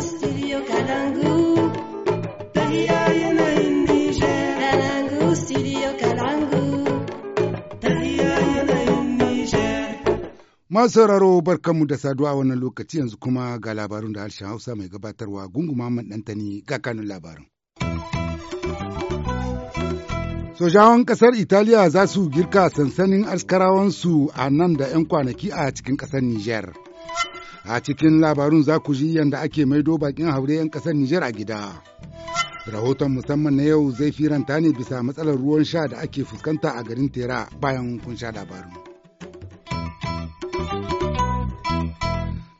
studio Masu sauraro barkanmu da saduwa a wannan lokaci yanzu kuma ga labarun da harshen Hausa mai gabatarwa Gungu Muhammad Dantani ga kanun labarun. Sojawan ƙasar Italiya za su girka sansanin askarawansu a nan da 'yan kwanaki a cikin ƙasar Nijar. A cikin labarun za ku ji yadda ake maido bakin haure 'yan ƙasar Nijar a gida. Rahoton musamman na yau zai firanta ne bisa matsalar ruwan sha da ake fuskanta a garin Tera bayan kun sha labarin.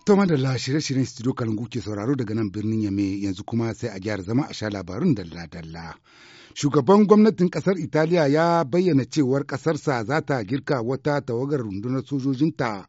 To shirye-shiryen studio Kalungu ke sauraro daga nan birnin Yame yanzu kuma sai a gyara zama a sha labarun dalla-dalla. Shugaban gwamnatin ƙasar Italiya ya bayyana cewar ƙasarsa za ta girka wata tawagar rundunar sojojinta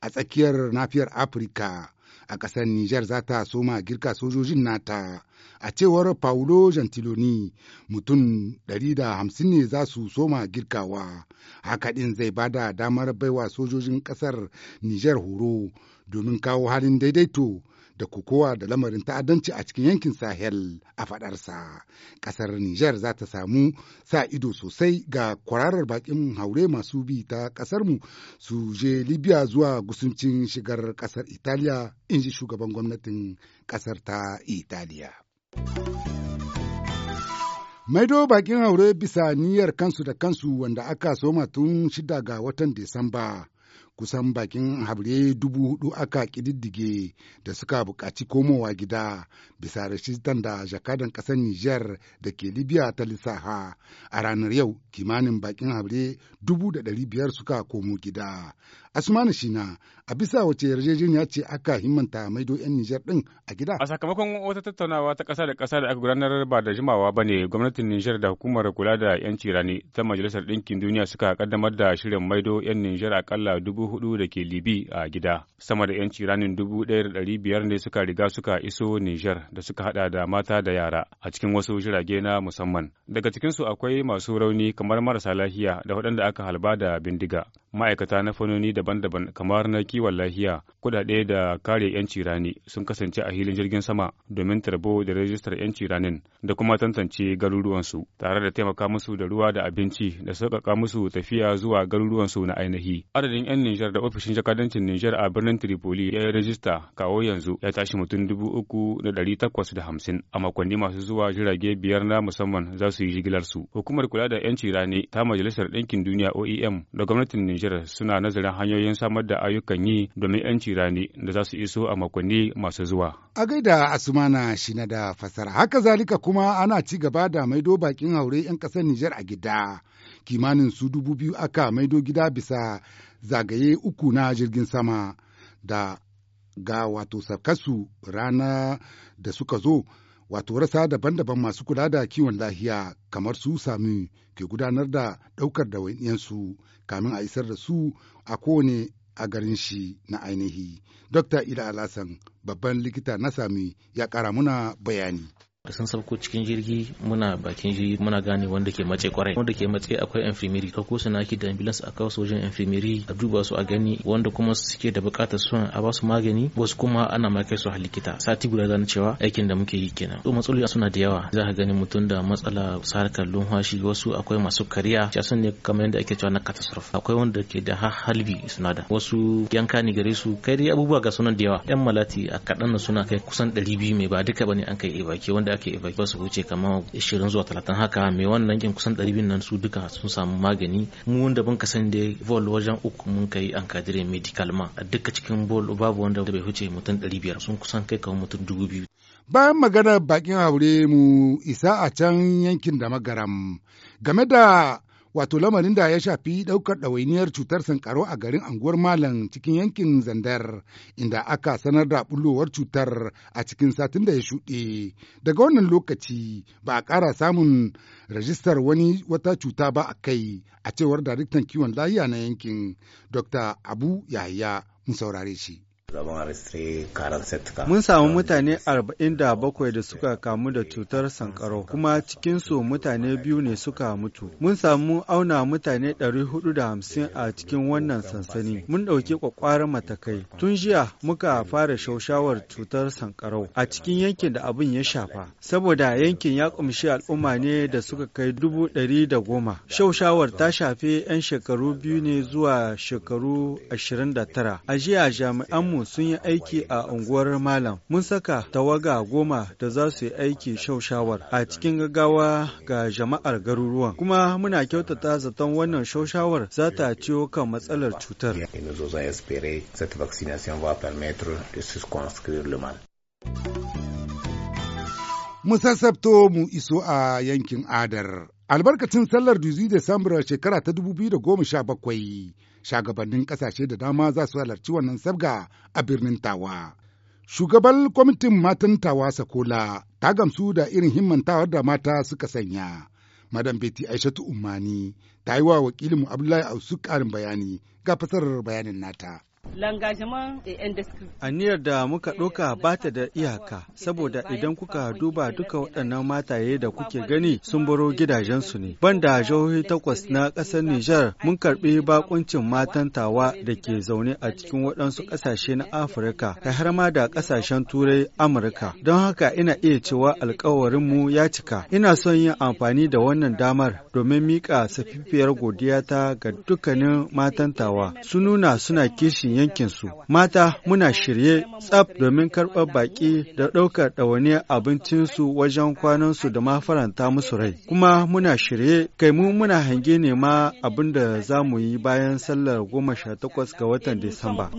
a tsakiyar nafiyar Afirka. A ƙasar Nijar za ta soma girka sojojin nata. A cewar paulo Gentiloni mutum 150 ne za su soma girkawa. Haka Hakaɗin zai bada damar baiwa sojojin ƙasar Nijar horo domin kawo halin daidaito da kokowa da lamarin ta'addanci a cikin yankin Sahel a fadarsa. Kasar Nijar za ta samu sa ido sosai ga kwararar bakin haure masu bi ta kasarmu su je Libya zuwa gusuncin shigar kasar Italiya in ji shugaban gwamnatin kasar ta Italiya. Maido bakin haure bisa niyyar kansu da kansu wanda aka soma tun shida ga watan Disamba. kusan bakin habre dubu hudu aka kididdige da suka buƙaci komowa gida bisa rashidan da jakadan ƙasar Nijar da ke Libya ta lissaha a ranar yau kimanin bakin habre dubu da ɗari biyar suka komo gida Asmanu Shina a bisa wace yarjejeniya ce aka himmanta maido 'yan Nijar ɗin a gida. A sakamakon wata tattaunawa ta ƙasa da kasa da aka gudanar ba da jimawa ba ne gwamnatin Nijar da hukumar kula da yan 'yanci rani ta Majalisar Ɗinkin Duniya suka kaddamar da shirin maido 'yan Nijar aƙalla dubu hudu da ke Libi a gida. Sama da 'yanci ranin dubu ɗaya da ɗari biyar ne suka riga suka iso Nijar da suka haɗa da mata da yara a cikin wasu jirage na musamman. Daga cikinsu akwai masu rauni kamar marasa lafiya da waɗanda aka halba da bindiga. Ma'aikata na fanoni da daban-daban kamar na kiwon lafiya kuɗaɗe da kare 'yan rani sun kasance a hilin jirgin sama domin tarbo da rajistar 'yanci ranin da kuma tantance garuruwansu tare da taimaka musu da ruwa da abinci da sauƙaƙa musu tafiya zuwa garuruwansu na ainihi adadin 'yan nijar da ofishin jakadancin nijar a birnin tripoli ya yi rajista kawo yanzu ya tashi mutum dubu uku da ɗari takwas da hamsin a makonni masu zuwa jirage biyar na musamman za su yi jigilarsu hukumar kula da 'yan rani ta majalisar ɗinkin duniya oem da gwamnatin nijar suna nazarin hanyar. hanyoyin samar da ayyukan yi domin 'yanci rani da za su iso a makonni masu zuwa. A gaida Asumana shi na da fasara, haka zalika kuma ana ci gaba da maido bakin haure 'yan ƙasar Nijar a gida. Kimanin su dubu biyu aka maido gida bisa zagaye uku na jirgin sama da ga wato sarkasu rana da suka zo wato rasa daban-daban masu kula da kiwon lahiya kamar su sami ke gudanar da ɗaukar wayansu kamin a isar da su a kowane a garin shi na ainihi. Dr. Ila Alasan babban likita na sami ya ƙara muna bayani. sun sauko cikin jirgi muna bakin jirgi muna gane wanda ke mace kwarai wanda ke mace akwai infirmary ka ko sunaki da ambulance a kawo sojan infirmary a duba su a gani wanda kuma suke da bukatar suna a basu magani wasu kuma ana ma kai su a likita sati guda zan cewa aikin da muke yi kenan to matsaloli suna da yawa za ka gani mutum da matsala sarkar lumfashi wasu akwai masu kariya ya sun ne kamar yadda ake cewa na catastrophe akwai wanda ke da halbi suna da wasu yanka ne gare su kai dai abubuwa ga sunan da yawa yan malati a kaɗan suna kai kusan 200 mai ba duka ne an kai ibaki wanda ake ba su wuce kamar ishirin zuwa talatin haka mai wannan kin kusan 200 nan su duka sun samu magani mu wanda mun kasan da vol wajen uku mun kai an kadire medical ma duka cikin vol babu wanda bai wuce mutum biyar sun kusan kai kamar mutum biyu. bayan maganar bakin haure mu isa a can yankin da magaram game da wato lamarin da ya shafi daukar ɗawainiyar cutar sankaro a garin anguwar malam cikin yankin zandar inda aka sanar da bullowar cutar a cikin satin da ya shuɗe daga wannan lokaci ba a ƙara samun rajistar wani wata cuta ba a kai a cewar daraktan kiwon layya na yankin dr abu yahaya mu saurare shi Mun samu mutane 47 da suka kamu da cutar sankarau kuma cikinsu mutane biyu ne suka mutu. Mun samu auna mutane 450 a cikin wannan sansani. Mun ɗauki kwakwaran matakai. Tun jiya muka fara shaushawar cutar sankarau a cikin yankin da abin ya shafa. Saboda yankin ya kumshi al'umma ne da suka kai dubu ɗari da goma. Shaushawar ta shafe 'yan shekaru biyu ne zuwa shekaru 29. A jiya jami'anmu sun yi aiki a unguwar Malam. Mun saka tawaga goma da za su yi aiki shaushawar a cikin gaggawa ga jama'ar garuruwan. Kuma muna kyautata zaton wannan shaushawar za ta ciwo kan matsalar cutar. Mu sassabto mu iso a yankin Adar. Albarkacin sallar Duzi Desambar shekara ta 2017, shagabannin ƙasashe da dama za su halarci wannan sabga a birnin Tawa. Shugaban kwamitin matan Tawa Sakola ta gamsu da irin himmantawar da mata suka sanya. Madam Beti Aishatu umani ta yi wa wakilinmu Abdullahi Ausu karin bayani ga fasarar bayanin nata. Aniyar da muka ɗauka ba ta da iyaka, saboda idan kuka duba duka waɗannan mataye da kuke gani sun baro gidajensu ne. Banda jihohi takwas na ƙasar Nijar mun karɓi bakuncin matan tawa da ke zaune a cikin waɗansu ƙasashe na Afirka, kai har ma da ƙasashen Turai Amurka. Don haka ina iya cewa alkawarinmu ya cika. Ina son yin amfani da wannan damar domin miƙa safifiyar godiyata ga dukkanin matan tawa. Su nuna suna kishin yankinsu. Mata muna shirye tsaf domin karɓar baƙi da ɗaukar ɗawainiyar abincinsu wajen kwanansu da ma faranta musu rai. Kuma muna shirye kai mu muna hange ne ma abin da za mu yi bayan sallar goma sha takwas ga watan Disamba.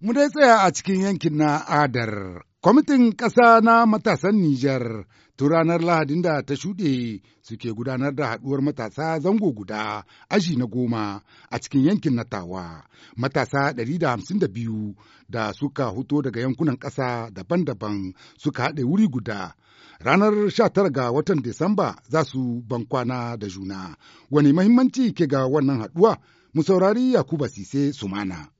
Mu dai tsaya a cikin yankin na Adar. Kwamitin ƙasa na matasan Nijar tun ranar lahadin da ta shuɗe suke gudanar da haɗuwar matasa zango guda aji na goma a cikin yankin natawa matasa 152 da suka huto daga yankunan ƙasa daban-daban suka haɗe wuri guda ranar 19 ga watan disamba za su bankwana da juna wani mahimmanci ke ga wannan haɗuwa mu saurari yakuba sise sumana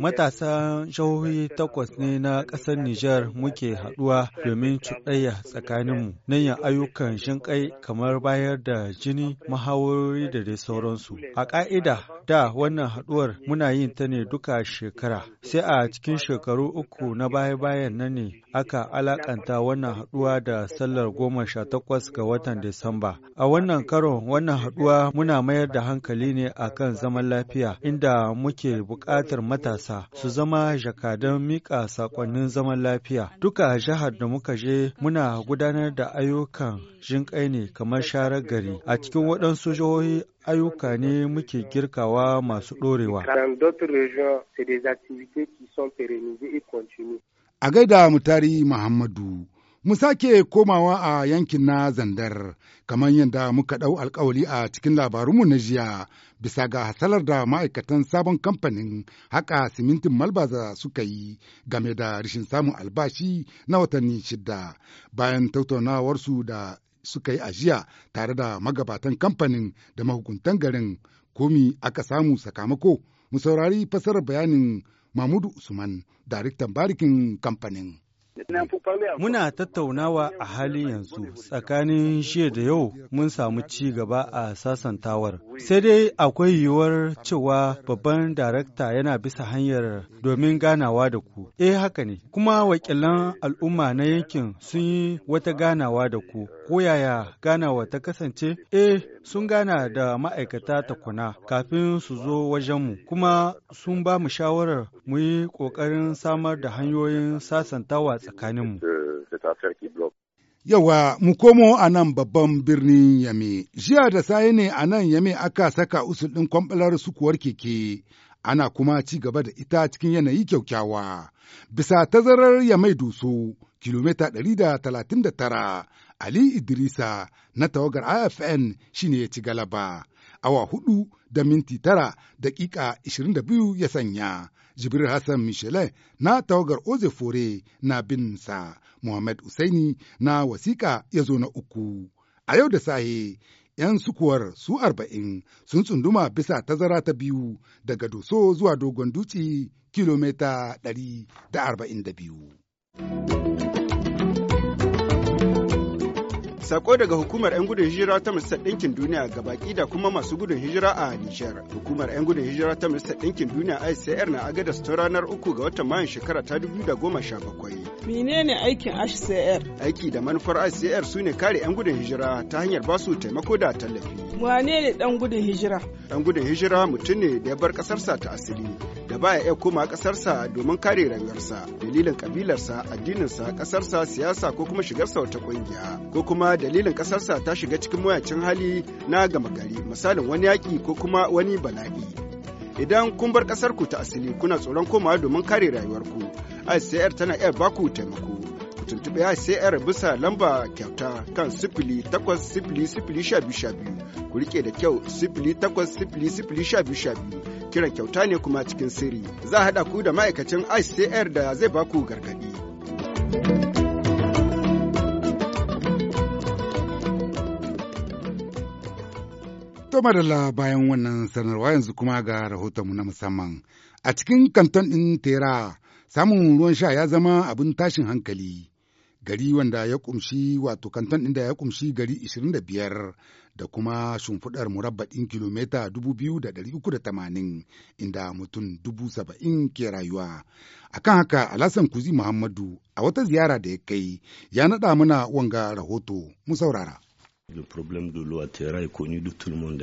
Matasan jihohi takwas ne na ƙasar Nijar muke haɗuwa domin cuɗayya tsakaninmu, nan ya ayyukan shinkai kamar bayar da jini, mahawarori da dai sauransu. A ƙa'ida, da wannan haɗuwar muna yin ta ne duka shekara, sai a cikin shekaru uku na baya-bayan nan ne aka alaƙanta wannan haɗuwa da sallar goma sha takwas ga watan Disamba. A wannan karon wannan haɗuwa muna mayar da hankali ne akan zaman lafiya, inda muke buƙatar matasa su zama jakadan mika sakonnin zaman lafiya. Duka jihar da muka je muna gudanar da ayyukan jinƙai ne kamar sharar gari. A cikin waɗansu jihohi ayyuka ne muke girkawa masu ɗorewa. A gaida mutari Muhammadu. Mu sake komawa a yankin na zandar, kamar yadda muka ɗau alkawali a cikin labarunmu na jiya, bisa ga hasalar da ma'aikatan sabon kamfanin haka simintin malbaza suka yi game da rashin samun albashi na watanni shida bayan tattaunawarsu da suka yi ajiya tare da magabatan kamfanin da mahukuntan garin komi aka samu sakamako mu saurari fasarar bayanin mahmudu usman daraktan barikin kamfanin. Muna tattaunawa a halin yanzu tsakanin shiya da yau mun samu ci gaba a sasantawar. Sai dai akwai yiwuwar cewa babban darakta yana bisa hanyar domin ganawa da ku. Eh haka ne, kuma wakilan al'umma na yankin sun yi wata ganawa da ku. Ko yaya ganawa ta kasance? Eh sun gana da ma'aikata ta kuna kafin su zo wajenmu, kuma sun ba mu shawarar mu yi ƙoƙarin samar da hanyoyin sasantawa mu. Yawa mu komo a nan babban birnin Yame, jiya da saye ne a nan Yame aka saka usul ɗin kwamɓalar sukuwar keke, ana kuma ci gaba da ita cikin yanayi kyaukyawa. Bisa tazarar Yamai Doso, kilomita da da talatin tara Ali Idrisa na tawagar AFN shine ya ci galaba. awa hudu da minti tara daƙiƙa 22 ya sanya. Jibril Hassan Michele na tawagar Oze Fore na binsa, Muhammad Usaini na wasiƙa ya zo na uku. A yau da sahe, ‘yan sukuwar su arba'in sun tsunduma bisa tazara ta biyu daga Doso zuwa Dogon Dutse kilomita ɗari da da arba'in biyu. Sako daga hukumar 'yan gudun hijira ta Majalisar Ɗinkin Duniya ga baki da kuma masu gudun hijira a Nijar. Hukumar 'yan gudun hijira ta Majalisar Ɗinkin Duniya ICR na agadas ta ranar uku ga watan Mayun shekara ta 2017. Menene aikin ICR? Aiki da manufar ICR sune kare 'yan gudun hijira ta hanyar ba su taimako da tallafi. Wane ne ɗan gudun hijira? Ɗan gudun hijira mutum ne da ya bar ƙasarsa ta asali da baya iya koma ƙasarsa domin kare rangarsa, dalilin ƙabilarsa, addininsa, ƙasarsa, siyasa ko kuma shigarsa wata ƙungiya ko kuma dalilin ƙasarsa ta shiga cikin mayacin hali na gama gari misalin wani yaƙi ko kuma wani bala'i idan kun bar ƙasarku ta asali kuna tsoron komawa domin kare rayuwarku ICR tana iya baku taimako ku tuntuɓe ICR bisa lamba kyauta kan sifili takwas sifili sifili sha biyu ku riƙe da kyau sifili takwas sifili sifili sha biyu kiran kyauta ne kuma cikin sirri za a haɗa ku da ma'aikacin ICR da zai baku gargaɗi. To madalla bayan wannan sanarwa yanzu kuma ga rahotonmu na musamman. A cikin kanton ɗin Tera, samun ruwan sha ya zama abin tashin hankali. Gari wanda ya kumshi wato kanton ɗin da ya kumshi gari 25 da kuma shimfiɗar murabba'in kilomita 2,380 inda mutum 70,000 ke rayuwa. Akan haka Alasan Kuzi Muhammadu a wata ziyara da ya kai ya naɗa mana wanga rahoto mu saurara.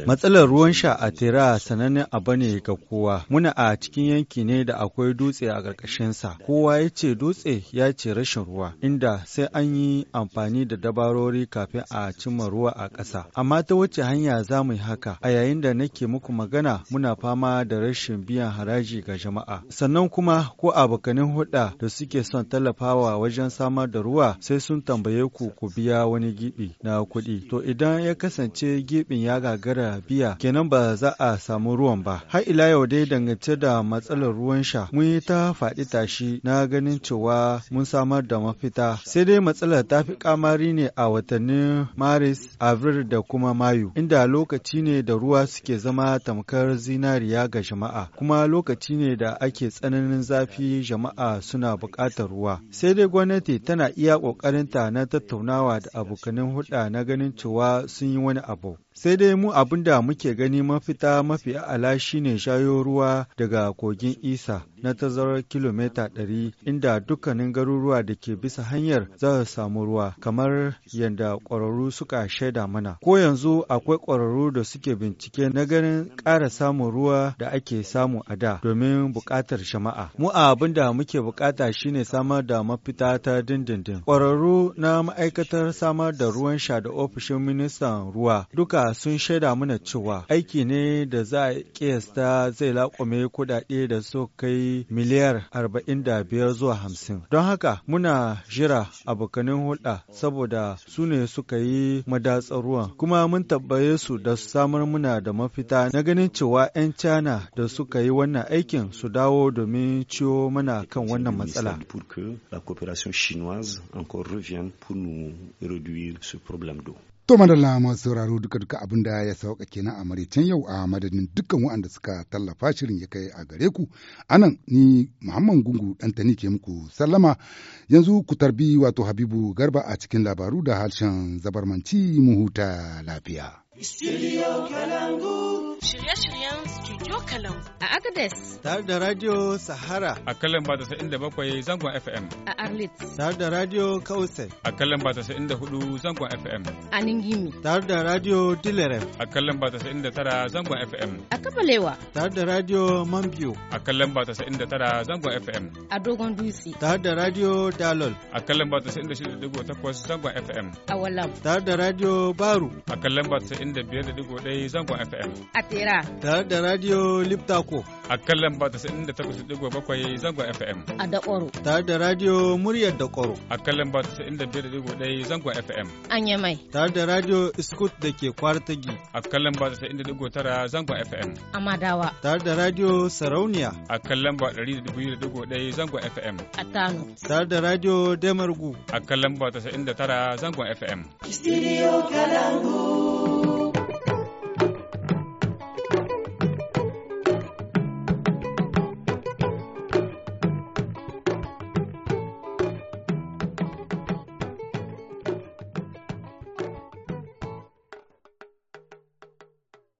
Matsalar ruwan sha a Tera sanannen abu ne ga kowa. Muna a cikin yanki ne da akwai dutse a ƙarƙashinsa. Kowa ya ce dutse ya ce rashin ruwa, inda sai an yi amfani da dabarori kafin a cimma ruwa a ƙasa. Amma ta wuce hanya za mu yi haka? A yayin da nake muku magana muna fama da rashin biyan haraji ga jama'a. Sannan kuma ko abokanin hulɗa da suke son tallafawa wajen samar da ruwa sai sun tambaye ku ku biya wani gibi na kuɗi. to idan ya kasance gibin ya gagara biya kenan ba za a samu ruwan ba har ila yau dai dangance da matsalar ruwan sha mun yi ta faɗi tashi na ganin cewa mun samar da mafita sai dai matsalar ta fi kamari ne a watannin maris avril da kuma mayu inda lokaci ne da ruwa suke zama tamkar zinariya ga jama'a kuma lokaci ne da ake tsananin zafi jama'a suna buƙatar ruwa sai dai gwamnati tana iya ƙoƙarinta na tattaunawa da abokanin hulɗa na ganin cewa sun yi wani abu sai dai mu abin da muke gani mafita mafi ala shine shayo ruwa daga kogin isa na tazarar kilomita 100 inda dukkanin garuruwa da ke bisa hanyar za su samu ruwa kamar yadda ƙwararru suka shaida mana ko yanzu akwai ƙwararru da suke bincike na ganin ƙara samun ruwa da ake samu a da domin buƙatar shama'a mu abin da muke buƙata shine samar da mafita ta dindindin ƙwararru na ma'aikatar samar da ruwan sha da ofishin ministan ruwa duka sun shaida mana cewa aiki ne da za a kiyasta zai laƙume kuɗaɗe da su kai miliyar 45 zuwa 50. Don haka muna jira abokanin hulɗa saboda su ne suka yi madatsar ruwan. Kuma mun tabbaye su da samar muna da mafita na ganin cewa 'yan Cana da suka yi wannan aikin su dawo domin ciwo mana kan wannan matsala. To madalla masu sauraro duka duka abin da ya sauka kenan a maraicen yau a madadin dukkan waɗanda suka tallafa shirin ya kai a gare ku. Anan ni Muhammad Gungu Dantani ke muku sallama yanzu ku tarbi wato Habibu Garba a cikin labaru da harshen zabarmanci mu huta lafiya. Studio Kalangu. shirye-shiryen Studio Kalangu. A Agadez. Tare da Radio Sahara. A kalan ba da bakwai zangon FM. A Arlit. Tare da Radio Kausai. A kalan ba da hudu zangon FM. A Ningimi. Tare da Radio Dilerem. A kalan ba da tara zangon FM. A Kabalewa. Tare da Radio Mambiyo. A kalan ba da tara zangon FM. A Dogon Dutse. Tare da Radio Dalol. A kalan ba da takwas zangon FM. A Walam. Tare da Radio Baru. A kalan ba da biyar da zangon FM. A sera. Tare da Radio Liptako. A kan lamba bakwai zangon FM. A Dakoro. Tare da Radio Muryar Dakoro. A kan lamba ɗaya zangon FM. Anya mai. Tare da Radio Scoot da ke Kwartagi. A kan lamba tara zangon FM. A Madawa. Tare da Radio Sarauniya. A kan lamba ɗaya zangon FM. A Tano. Tare da Radio Demargu. A kan lamba tara zangon FM. Studio Kalangu.